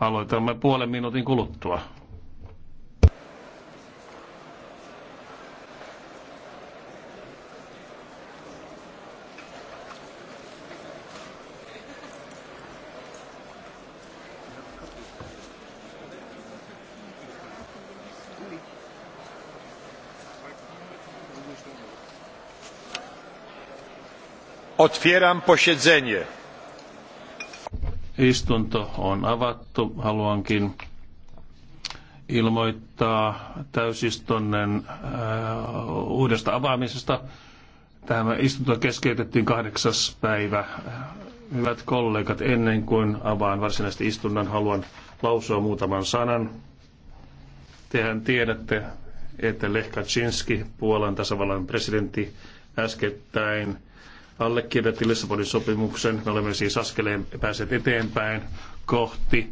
Aloitamme puolen minuutin kuluttua. Otwieram posiedzenie. Istunto on avattu. Haluankin ilmoittaa täysistunnon äh, uudesta avaamisesta. Tämä istunto keskeytettiin kahdeksas päivä. Hyvät kollegat, ennen kuin avaan varsinaisesti istunnon, haluan lausua muutaman sanan. Tehän tiedätte, että Lech Kaczynski, Puolan tasavallan presidentti, äskettäin allekirjoitti Lissabonin sopimuksen. Me olemme siis askeleen päässeet eteenpäin kohti